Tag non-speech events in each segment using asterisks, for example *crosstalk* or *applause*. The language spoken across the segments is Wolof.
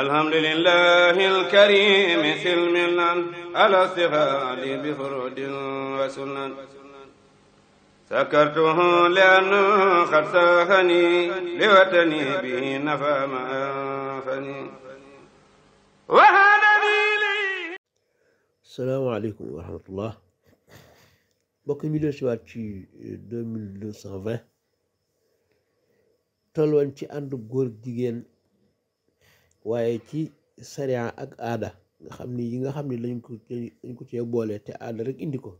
alhamdulilah alkarim silmilan alastifaad bi furud wa sunan sakartuhu lianna qad saafani li watani nafa ma anfani salaamaaleykum wa rahmatullah mbokk mi del siwaat ci 2220 euh, ci ànd góor jigéen waaye ci sariya ak aada nga xam ni yi nga xam ni lañ ko dañ ko cee boole te aada rek indi ko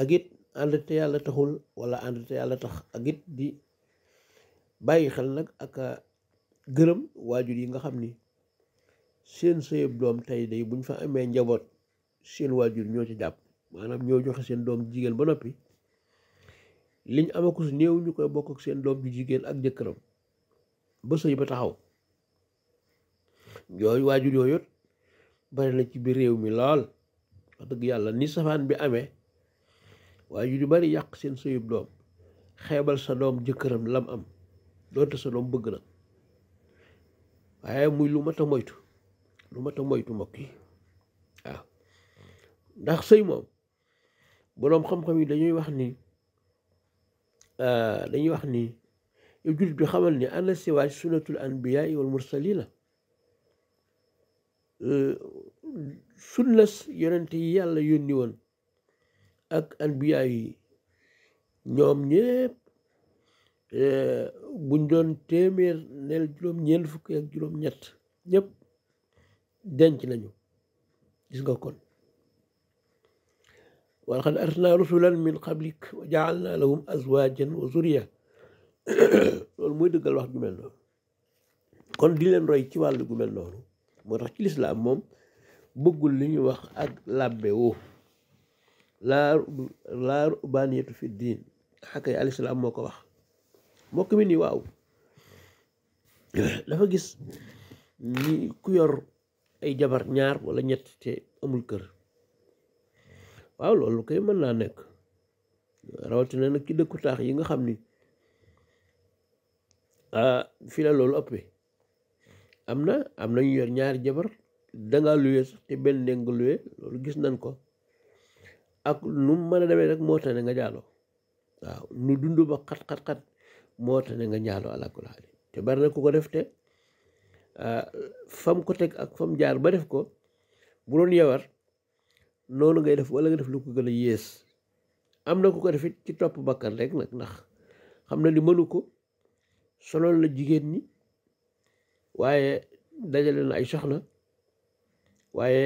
ak it ànd yàlla taxul wala ànd yàlla tax ak it di bàyyi xel nag ak gërëm waajur yi nga xam ni seen sëyëb doom tey day buñ fa amee njaboot seen waajur ñoo ci jàpp maanaam ñoo joxe seen doom jigéen ba noppi liñ amaku si koy bokk ak seen doom ju jigéen ak jëkkëram ba sëy ba taxaw yooyu waajur yooyu bari na ci biir réew mi lool wax dëgg yàlla ni safaan bi amee waajur yu bari yàq seen sëyub doom xeebal sa doom jëkkëram lam am doonte sa doom bëgg na waaye muy lu mat a moytu lu mat a moytu mbokk yi waaw ndax sëy moom boroom xam-xam yi dañuy wax ni euh, dañuy wax ni yow jullit bi xamal ni ana siwaaj sunnatul anbiyaa wal mursalina euh, sunnas yonente yi yàlla yónni woon ak anbiyaa yi ñoom ñëpp euh, buñ doon téeméer neel juróom ñeent fukki ak juróom ñett denc nañu gis nga kon walaqad arsalnaa rusulan min qablik wa jaalnaa lahum azwaajan wa zurriya *coughs* loolu mooy dëggal wax gu mel noonu kon di roy ci wàll gu mel noonu moo tax ci lislaam moom bëggul li ñuy wax ak làbbe woo laa laa rubaaniyatu fi diin alislaam moo ko wax mbokk mi nii waaw dafa gis ni ku yor ay jabar ñaar wala ñett te amul kër waaw loolu kay mën naa nekk rawatina nag ci dëkku taax yi nga xam ni Ah, fii la loolu ëppee am na am na ñu yor ñaari jabar danga luwe sax te benn néeg nga luwe loolu gis nañ ko ak nu mu mën a demee rek moo tax ne nga jaaloo waaw nu dund ba xat xat xat moo tax nga jaaloo alakulaali te bari na ku ko def te ah, fam ko teg ak fam jaar ba def ko bu doon yawar noonu ngay def wala nga def lu ko gën a yées am na ku ko defit ci topp bakkan rek nag ndax xam na ni mënu ko. solool na jigéen ñi waaye dajale na ay soxna waaye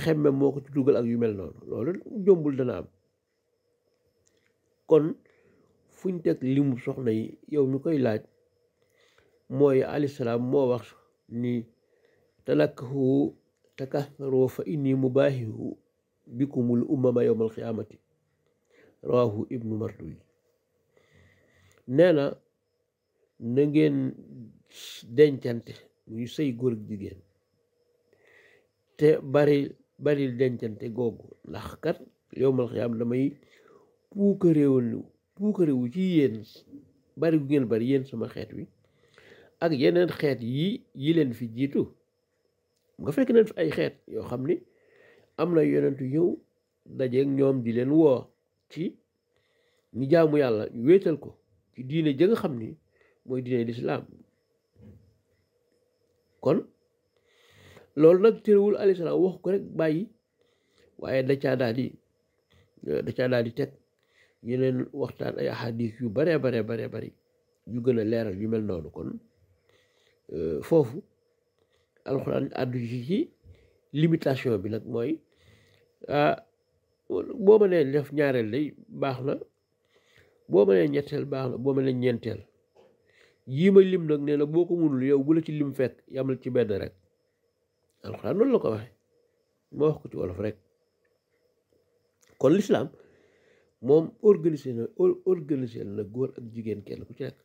xemme moo ko ci dugal ak yu mel noonu loolu jombul dana am kon fuñ teg limu soxna yi yow mi koy laaj mooy alayhi salaam moo wax ni te takatharoo fa inni mubaahihu bikumul umama yowmal qiyaamati rawahu ibnu marduy nee na na ngeen dencante muy sëy góor ak jigéen te bari bari dencante googu ndax kat yow xiyaam damay puukaréewul puukaréewu ci yéen bari gu ngeen bari yéen sama xeet wi ak yeneen xeet yi yi leen fi jiitu nga fekk nañ fi ay xeet yoo xam ni am na yonentu yëw dajeeg ñoom di leen woo ci ñu jaamu yàlla wéetal ko ci diine ja xam ni mooy diine lislaam kon loolu nag terewul alayhi salaam wax ko rek bàyyi waaye da caa daal di da caa daal di teg yeneen waxtaan ay ahadis yu baree bare bare bari yu gën a leeral yu mel noonu kon euh, foofu alxuraan àddu ci limitation bi nag mooy ah boo mënee def ñaareel day baax na boo mënee ñetteel baax na boo mënee ñeenteel yii ma lim nag nee na boo ko mënul yow bu la ci lim fekk yamal ci benn rek alxuraan loolu la ko waxe ma wax ko ci olof rek kon lislaam moom organisé na organisé na góor ak jigéen kenn ku ci nekk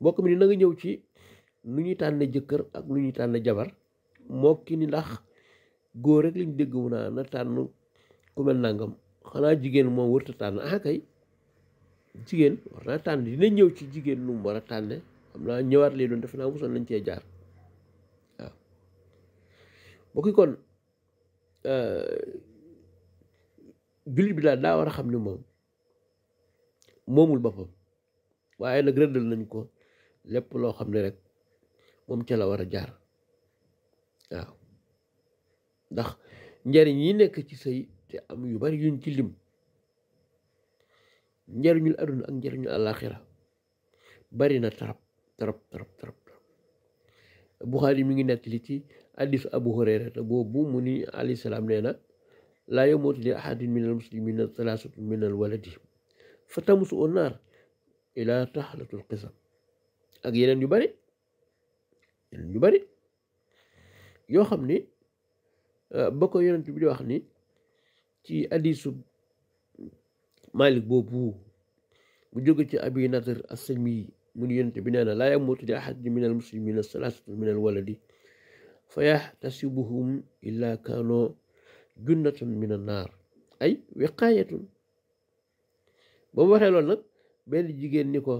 mbokk mi ni na ñëw ci nu ñuy tànne jëkkër ak nu ñuy tànn jabar moo ki ni ndax góor rek liñ dégg wu naa na tànn ku mel xanaa jigéen moom wërta tànn ah jigéen war naa tànn dina ñëw ci jigéen nu mu war a tànne xam naa ñëwaat lii doon defe naa mosoon nañ cee jaar waaw bokki kon euh, jullit bi daal daa war a xam ne moom moomul boppam waaye nag rëddal nañ ko lépp loo xam ne rek moom ca la war a jaar waaw ndax njariñ yi nekk ci sëy te am yu bari yuñ ci lim njariñul aduna ak njariñul àllaaxira bari na tarap tarap tarap tarap buxaari mi ngi nettali ci hadiis abu hurayrata boobu mu ni alayhi salaam nee na laa yamuutu li ahadin min al muslimina talaasatun min al waladi fa tamusu u naar ilaa taxlatul xisam ak yeneen yu bari yeneen yu bari yoo xam ni ba ko yonent bi di wax ni ci hadiisu Malik boobu bu jóge ci abi nadar asami mu ni yonent bi nee na laa yamutu li ahadin min al muslimina salaasatu min al waladi fa yaxtasibuhum illa kaano junnatan min an ay wiqaayatun ba mu waxee nag benn jigéen ni ko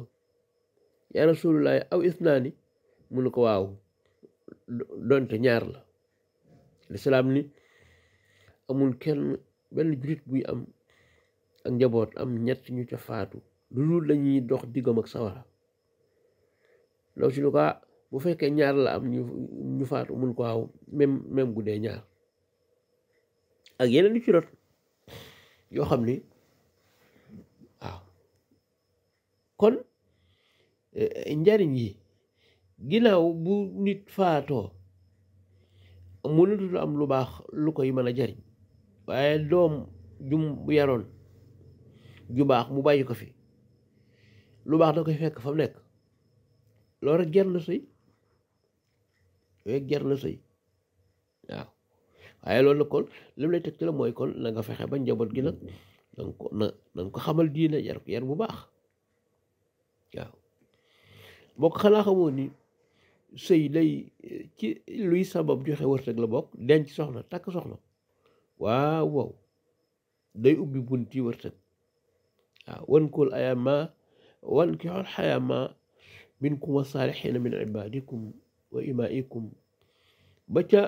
yaa rasulullaah aw isnaani mu ne ko waaw donte ñaar la lislaam ni amul kenn benn jurit buy am ak njaboot am ñett ñu ca faatu lu dul lañuy dox diggam ak sawara loolu si lu ko bu fekkee ñaar la am ñu faatu mun ko aw même même guddee ñaar ak yeneen yu yoo xam ni waaw kon eh, njariñ yi ginnaaw bu nit faatoo mënatul am lu baax lu koy mën a jariñ waaye doom jum yaroon ju baax mu bàyyi ko fi lu baax da koy fekk fa mu nekk loolu rek jar na sëy loolu sëy waaw waaye loolu nag kon li mu teg ci mooy kon na fexe ba njaboot gi nag na nga ko xamal diine yar yar bu baax waaw boo ko xanaa ni sëy day ci luy sabab joxe wërsëg la bokk denc soxna takk soxna waaw waaw day ubbi bunti wërsëg waaw wankul ayama wankixul xayama minkum wa saalixiina min ibadikum wa imaikum ba ca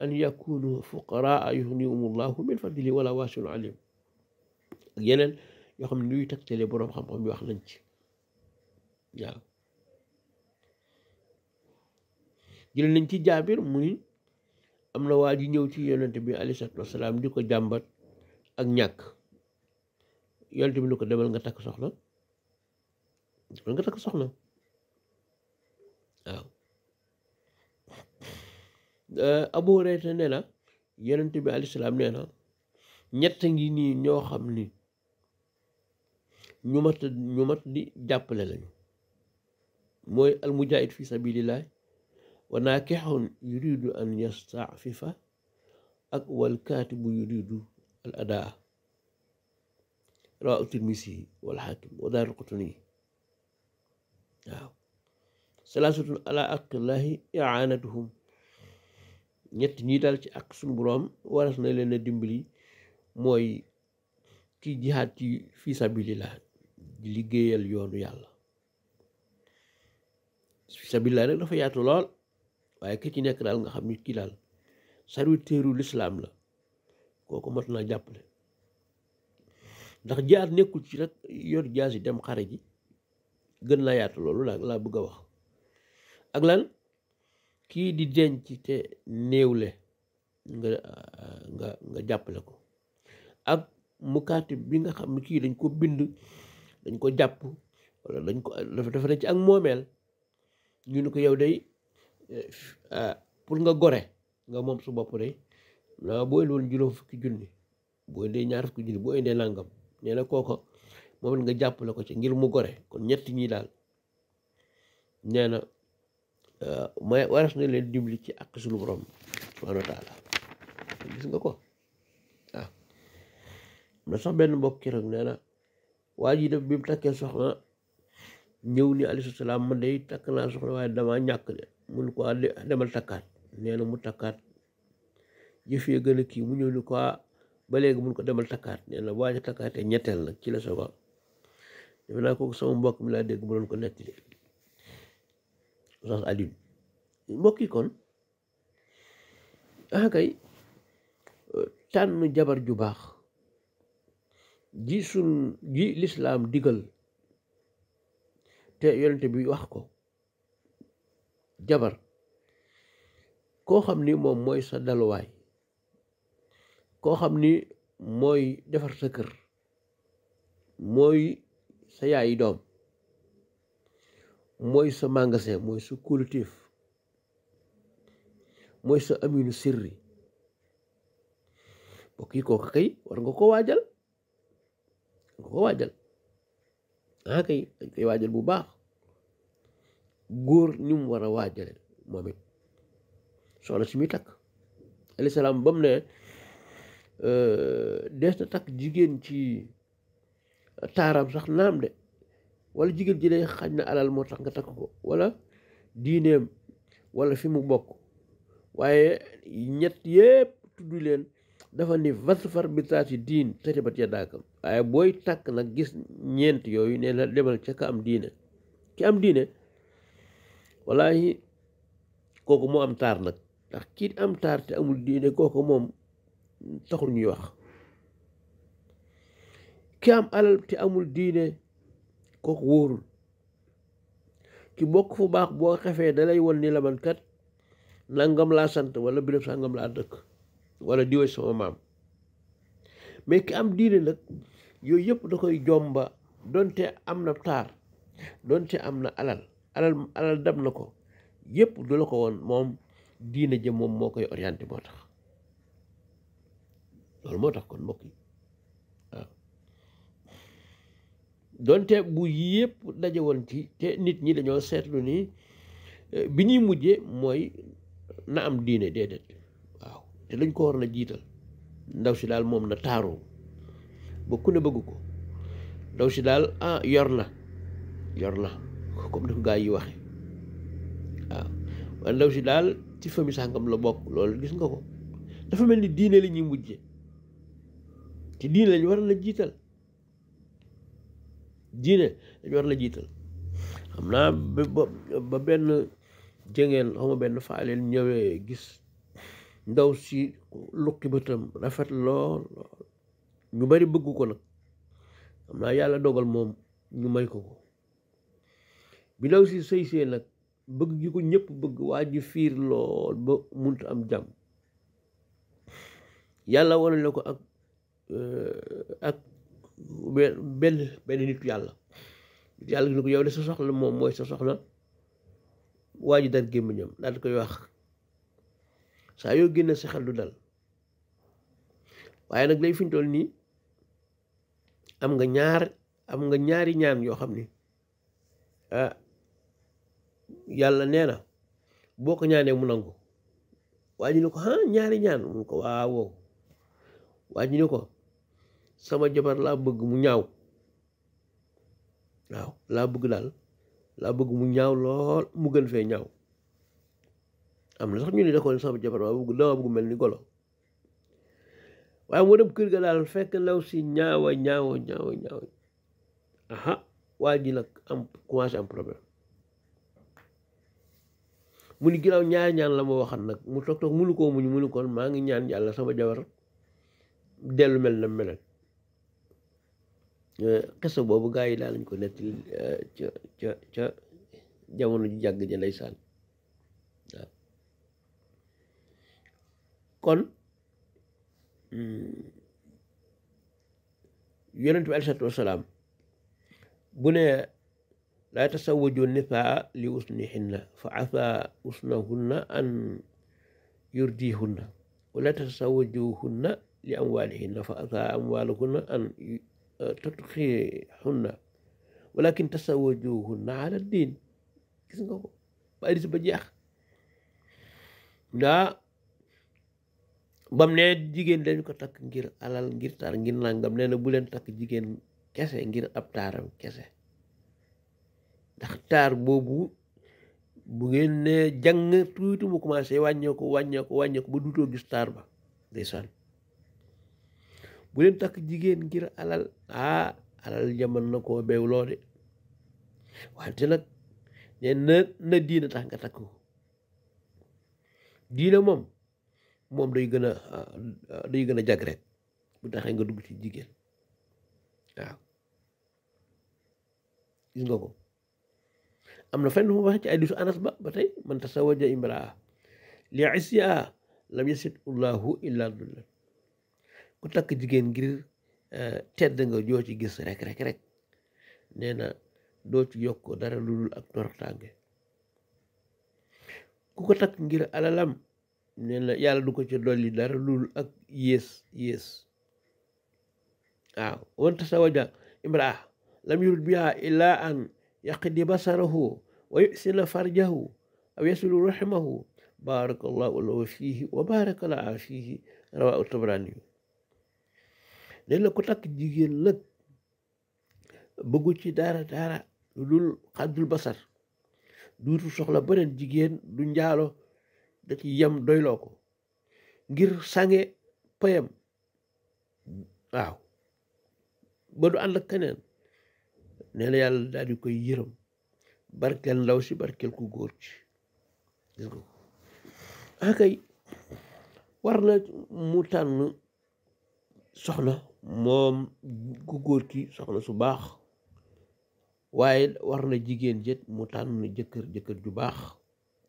an yakunu fuqaraa yuxnihum allahu min fadli wala waasun alim ak yeneen yoo xam ne luy tegtale boroom xam-xam yi wax nañ ci waaw jël nañ ci jaabir muy am na waa ji ñëw ci yonent bi alayhi salaatu wasalaam di ko jàmbat ak ñàkk yonent bi lu ko demal nga takk soxla demal nga takk soxna waaw euh, Abu Hurayra nee na yonent bi alayhi salaam nee na ñett ngi nii ñoo xam ni ñu mat di jàppale lañu mooy almujaahid fi sabilillah wa naakihun yuridu an yastaafifa ak wal kaatibu yuridu adaa rawaahu tirmisi wal xaakim wa daaru qutni waaw salaasatun ala aqillaahi iaanatuhum ñett ñi daal ci ak suñu boroom waras na leen a dimbali mooy kii jihaad ci fi sabilillah liggéeyal yoonu yàlla fi sabilillah rek dafa yaatu lool waaye ki ci nekk daal nga xam ni kii daal serviteuru lislaam la kooku mat naa jàppale ndax jaar nekkul ci rek yor jaasi dem xare ji gën laa yaatu loolu laa laa bëgg a wax ak lan kii di denc te néewle nga nga jàppale ko ak mukaatib bi nga xam ne kii dañ ko bind dañ ko jàpp dañ ko dafa ci ak moomeel ñu ne ko yow day eh, ah, pour nga gore nga moom su bopp day naa booy loolu juróom fukki junni boo indee ñaar fukki junni boo indee nangam nee na kooko moom it nga jàppale ko ci ngir mu gore kon ñett ñi daal nee na euh, na leen dimbali ci ak suñu borom subhaanahu wa gis nga ko waaw ah. na sax benn mbokk ki rek nee na waa ji def bi mu takkee soxna ñëw ni alayhi salaam man day takk naa soxna waaye damaa ñàkk de mun ko ah, demal takkaat nee mu takkaat jëf gën a kii mu ñëw ni ko ah, ba léegi mun ko demal takkaat nee na waaja takkaatee ñetteel nag ci la soga defe naa kooku sama mbokk mi laa dégg mu doon ko nettali Oustaz Alioune mbokk yi kon ah tànn jabar ju baax ji sun ji lislaam digal te yonent bi wax ko jabar koo xam ni moom mooy sa daluwaay koo xam ni mooy defar sa kër mooy sa yaayi doom mooy sa magasin mooy sa collectif mooy sa aminu sirri bokk yi kooku kay war nga ko waajal nga ko waajal ah kay dañ koy waajal bu baax góor ni mu war a waajale moom it soxna si muy salaam ba ne Euh, dees na takk jigéen ci taaram sax naam de wala jigéen ji lay xaj na alal moo tax nga takk ko walla diineem wala fi mu bokk waaye ñett yépp tudd leen dafa ni vasfar bi taati diin taribat ya daakam waaye booy takk nag gis ñeent yooyu ne na demal ca ka am diine ki am diine walaahi kooku moo am taar nag ndax kii am taar te amul diine kooku moom taxul ñuy wax ki am alal te amul diine kooku wóorul ki bokk fu baax boo xefee dalay won ni la nangam laa sant wala birëb sangam laa dëkk wala diwe sama maam mais ki am diine nag yooyu yëpp da koy jomba donte am na taar donte am na alal alal alal na ko yëpp du la ko woon moom diine jëm moom moo koy orienté moo tax loolu moo tax kon mbokk yi waaw donte bu yépp daje woon ci te nit ñi dañoo seetlu nii e, bi ñuy mujje mooy na am diine déedéet waaw te dañ ko war na jiital ndaw si daal moom na taaru ba ku ne bëgg ko ndaw si daal ah yor na yor na comme ni ko gaa yi waxe waaw ndaw si daal ci famille sàngam la bokk loolu gis nga ko dafa mel ni diine la mujje ci diine lañu war la jiital diine lañu war la jiital xam naa ba benn jëngeen xawma benn faaleen ñëwee gis ndaw si lukki bëtam rafet lool ñu bari bëgg ko nag xam naa yàlla dogal moom ñu may ko ko bi ndaw si sëy see nag bëgg gi ko ñëpp bëgg waa ji fiir lool ba munta am jàmm yàlla wane la ko Euh, ak benn benn nit yàlla yàlla gi ni ko yow de sa moom mooy sa soxla waa ji dal gémmiñam koy wax saa yoo génne sa du dal waaye nag lay fi ñu nii am nga ñaar am nga ñaari ñaan yoo xam ni ah, yàlla nee na boo ko ñaanee mu nangu waa ji ne ko ah ñaari ñaan mu ko waawoo waa ji ne ko sama jabar laa bëgg mu ñaaw waaw laa bëgg daal laa bëgg mu ñaaw lool mu gën fee ñaaw am na sax ñu ne da ko sama jabar mel ni golo waaye moo dem kër ga daal fekk law si ñaawa ñaawa ñaawa aha waa ji nag am commencé am problème mu ni ginnaaw ñaari ñaan la ma waxan nag mu toog toog munu koo muñ munu koon maa ngi ñaan yàlla sama jabar dellu mel na meleen xisa boobu gaa yi daal lañ ko netti eh, ca ca ca jamono ji jàgg ja ndeysaan waaw kon mm, yonent bi aleyhi salaatu wasalaam bu ne laa tasawwaju nifaa li usnihinna fa asa usnahunna an yurdihunna wala tasawwajuhunna li amwaalihinna fa asa amwaalahunna an tudxiihunna walakin tasawajuhunna ala diin gis nga ko ba hadiis ba jeex ndaa bam ne jigéen dañ ko takk ngir alal ngir taar ngir nangam nee na bu leen takk jigéen kese ngir ab taaram kese ndax taar boobu bu ngeen ne jàng tuuti mu commencé wàññeeku wàññeeku wàññeeku ba duutoo gis taar ba ndeysaan bu leen takk jigéen ngir alal ah alal jaman na koo beew de wante ne na na diina tax nga takk diina moom moom day gën a ah, day gën a jag rek bu taxee nga dugg ci jigéen waaw gis nga ko am na fen mu waxee ci hadiisu anas ba ba tey man tasawaja imraa li isyaa lam yasit ullahu illa dullan ku takk jigéen ngir eh, tedd joo ci gis rek rek ko takk ngir alalam nee na du ko ci dolli dara lu dul ak yées yées waaw wanta sa waja imraa lam yurid biha illa an yaqdi basarahu wa yusina farjahu aw yasilu rahimahu barakallahu lahu fihi wa baraka laa fihi rawaahu tabrani nee na ku takk jigéen nag bëggu ci dara dara lu dul xaddul basar duutu soxla beneen jigéen du njaalo da ci yem doyloo ko ngir sange payam waaw ba du ànd ak keneen nee na yàlla daal di koy yërëm barkeel ndaw si barkeel ku góor ci gis ah war na mu tànn soxna moom ku góor ki soxna su baax waaye war na jigéen jët mu tànn jëkkër jëkkër ju baax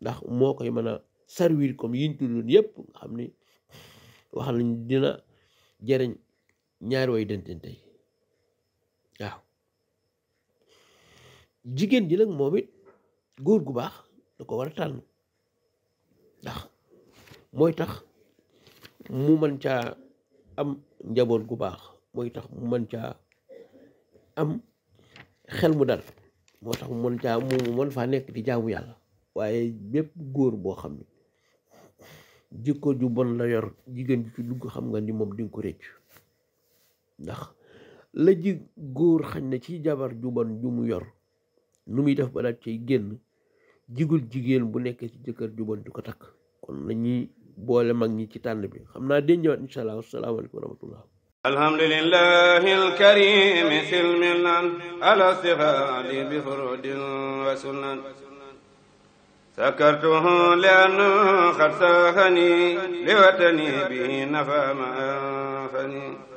ndax moo koy mën a servir comme yiñ tuddoon yëpp nga xam ni wax nañ dina jëriñ ñaari way dentente yi waaw jigéen ji nag moom it góor gu baax ko war a tànn ndax mooy tax mu mën ca am njaboot gu baax mooy tax mu mën caa am xel mu dal moo tax mu mën caa mu mën faa nekk di jaamu yàlla waaye bépp góor boo xam ne jikko ju bon la yor jigéen ju ci dugg xam nga ni moom di ko rëcc ndax la ji góor xañ na ci jabar ju bon ju mu yor nu muy def ba daal cay génn jigul jigéen bu nekkee ci jëkkër ju bon ju ko takk kon lañuy boole mag ñi ci tànn bi xam naa den ñëwaat incha allah wasalaamaaleykum wa rahmatullah alkarim silmilan ala sihali bi furudin wa sunan سكرته لأنه قد ساخني لوطني به